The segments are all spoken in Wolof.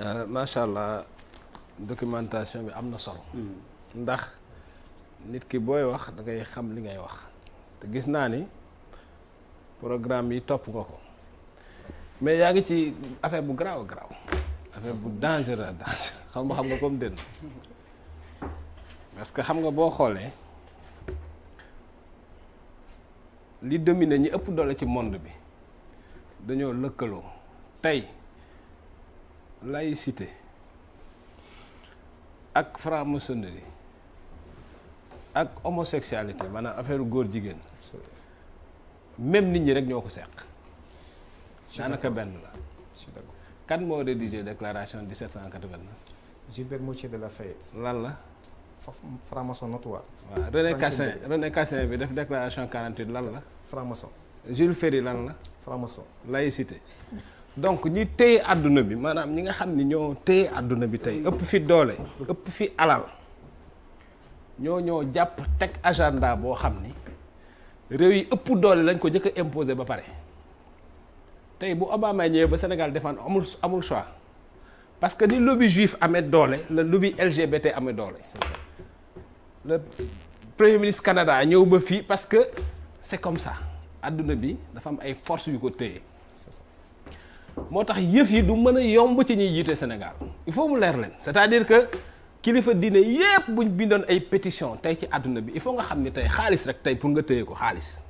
Euh, macha allah documentation bi am na solo. Hmm. ndax nit ki booy wax dangay xam li ngay wax te gis naa ni programme yi topp nga ko mais yaa ngi ci affaire bu garaaw garaaw affaire bu dangereux dangereux xam nga xam nga comme dënn parce que xam nga boo xoolee li domine ñi ëpp doole ci monde bi dañoo lëkkaloo tey. laïcité ak franc-maçonnerie ak homosexualité maanaam affaire góor jigéen même nit ñi rek ñoo ko seq daanaka benn la kan moo rédigé déclaration 1789 Gilbert cent de La la franc lan la franc-maçon Jules Ferry lan la franc-maçon laïcité donc ñi téye àdduna bi maanaam ñi nga xam ni ñoo téye àdduna bi tey ëpp fi doole ëpp fi alal ñoo ñoo jàpp teg agenda boo xam ni réew yi ëpp doole lañ ko njëkk a ba pare tey bu Obama ñëwee ba Sénégal defaan amul amul choix parce que ni lobby juif amee doole la lobby LGBT amee doole. le premier ministre Canada ñëw ba fii parce que c'est comme ça àdduna bi dafa am ay forces yu ko téye. moo tax yëf yi du mën a yomb ci ñuy jiite Sénégal il faut mu leer leen c'est-à-dire que kilifa diine yépp buñ bindoon ay pétition tey ci àdduna bi il faut nga xam ni tey xaalis rek tey pour nga téye ko xaalis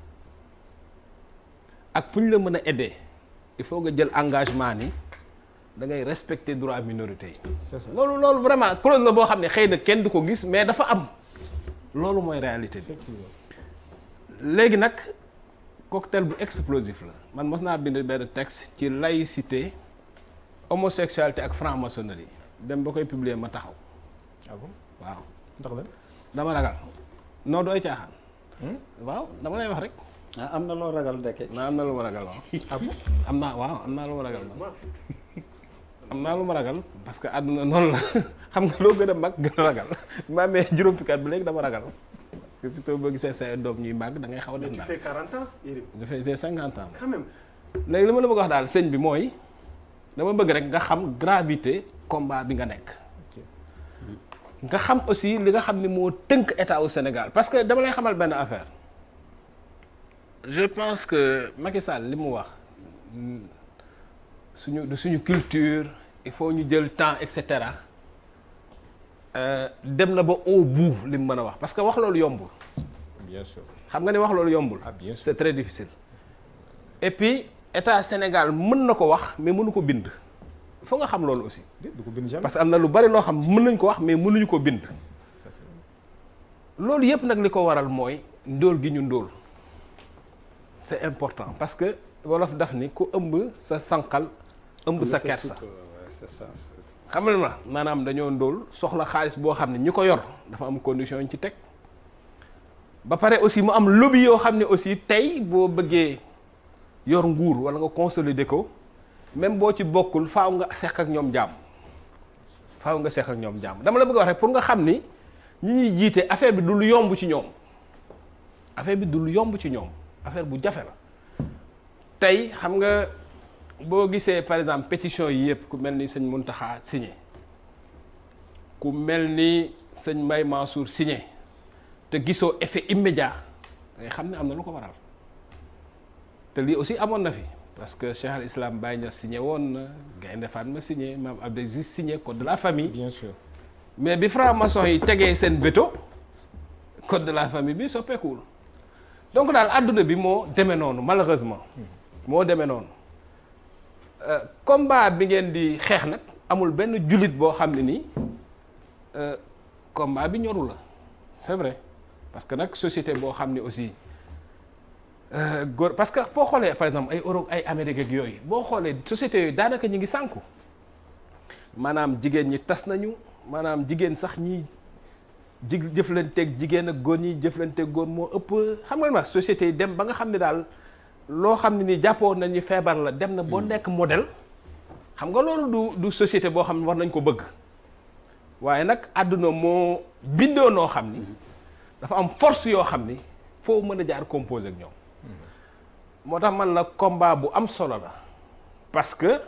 ak fu ñu la mën a aider il faut nga jël engagement ni da ngay respecter droit minorité yi. loolu loolu vraiment clause la boo xam ne xëy na kenn du ko gis mais dafa am loolu mooy réalité bi. léegi nag. cocktail bu explosif la man mos naa bind benn texte ci laïcité homosexualité ak franc-maçonnerie dem ba koy publier ma taxaw. ah bon waaw. ndax dama ragal. noo dooy caaxaan. Hmm? waaw dama lay wax rek. Ah, am na loo ragal ndeke. na lu ma ragal ah am naa waaw am naa lu ma ragal. am naa parce que àdduna noonu la xam nga loo gën a mag gën a ragal ma amee juróom fukki at bi léegi dama ragal. surtout boo gisee say doom ñuy màgg da xaw a dem daal. mais tu fais 40 ans léegi li ma la bëgg wax daal señ bi mooy dama bëgg rek nga xam gravité combat bi nga nekk. nga xam aussi li nga xam ni moo tënk état au Sénégal parce que dama lay xamal benn affaire. je pense que Macky li mu wax mm, suñu suñu culture il faut ñu jël temps et cetera. Euh, dem na ba au li mu mën a wax parce que wax loolu yombul. bien xam nga ni wax loolu yombul. ah bien sûr c'est très difficile. et puis état Sénégal mën na ko wax mais mënu ko bind. foo nga xam loolu aussi. du ko bind am na lu bari loo xam mën nañ ko wax mais mënuñu ko bind. loolu yëpp nag li ko waral mooy ndóol gi ñu ndóol. c'est important parce que wolof daf ni ku ëmb sa sànqal ëmb sa kersa. c'est xamal ma maanaam dañoo ndóol soxla xaalis boo xam ne ñi ko yor dafa am condition ñu ci teg ba pare aussi mu am lobby yoo xam ne aussi tey boo bëggee yor nguur wala nga consolider ko même boo ci bokkul faaw nga seq ak ñoom jàmm faaw nga seq ak ñoom jàmm dama la bëgg wax rek pour nga xam ni ñu ñuy jiite affaire bi dul lu yomb ci ñoom affaire bi dul yomb ci ñoom affaire bu jafe la tey xam nga. boo gisee par exemple pétition yi yëpp ku mel ni sëñ Mountakha signé ku mel ni sëñ Mbaye Mansour signé te gisoo effet immédiat ngay xam ne am na lu ko waral te lii aussi amoon na fi parce que Cheikh al Islam Baye Niass signé woon na Gaynde Fatma signé Maam Abdou Aziz signé code de la famille. bien sûr mais bi franc-maçon yi tegee seen beto code de la famille bi soppeekuwul donc daal àdduna bi moo demee noonu malheureusement moo demee noonu. Euh, combat bi ngeen di xeex nag amul benn jullit boo xam ne nii euh, combat bi ñoru la c'est vrai parce que nag société boo xam ne aussi euh, góor parce que boo xoolee par exemple ay Europe ay Amérique ak yooyu boo xoolee société yooyu daanaka ñu ngi sànku maanaam jigéen ñi tas nañu maanaam jigéen sax ñi jig jëflanteeg jigéen ak góor ñi jëflanteeg góor moo ëpp xam nga ma société yi dem ba nga xam ne daal loo xam ne nii jàppoon nañu feebar la dem na boo hmm. nekk modèle xam nga loolu du du société boo xam ne war nañ ko bëgg waaye nag àdduna moo bindoo noo xam ni hmm. dafa am force yoo xam ni foo mën a jaar composé ak ñoom hmm. moo tax man la combat bu am solo la parce que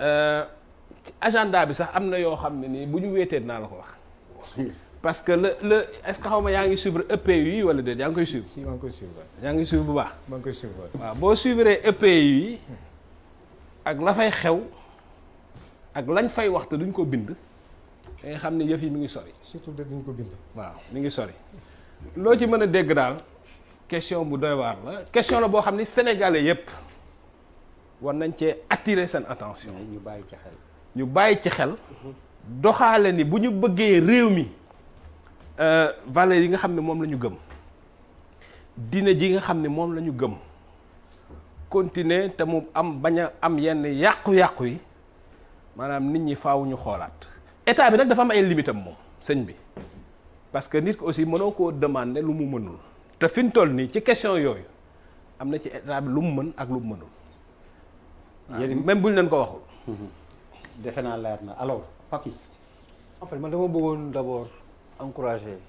euh, ci agenda bi sax am na yoo xam ne nii bu ñu weetee naa la ko wax parce que la le est-ce xaw ma yaa ngi suivre EPU yi wala déet yaa ngi koy suivre. yaa ngi suivre bu baax. maa ngi koy suivre waaw boo suivre EPU yi ak la fay xew ak lañ fay wax te duñ ko bind da nga xam ne yëf yi mu ngi sori. surtout de duñ ko bind. waaw mi ngi sori loo ci mën a dégg daal question bu doy la question la boo xam ni sénégalais yépp war nañ cee attirer seen attention. ñu bàyyi ci xel. ñu bàyyi ci xel doxaale ni bu ñu bëggee réew mi. Euh, valeurs yi nga xam ne moom la ñu gëm diine ji nga xam ne moom la ñu gëm continuer te mu am bañ a am yenn yàqu-yàqu yi maanaam nit ñi faw ñu xoolaat état bi nag dafa am ay limitam moom sëñ bi parce que nit ko aussi mënoo koo demander lu mu mënul te fi mu toll nii ci question yooyu am na ci état bi lu mu mën ak lu mu mënul. Ah, yéen même buñ leen ko waxul. defe naa leer na alors Papis. en fait man dama bëggoon d'abord. encouragé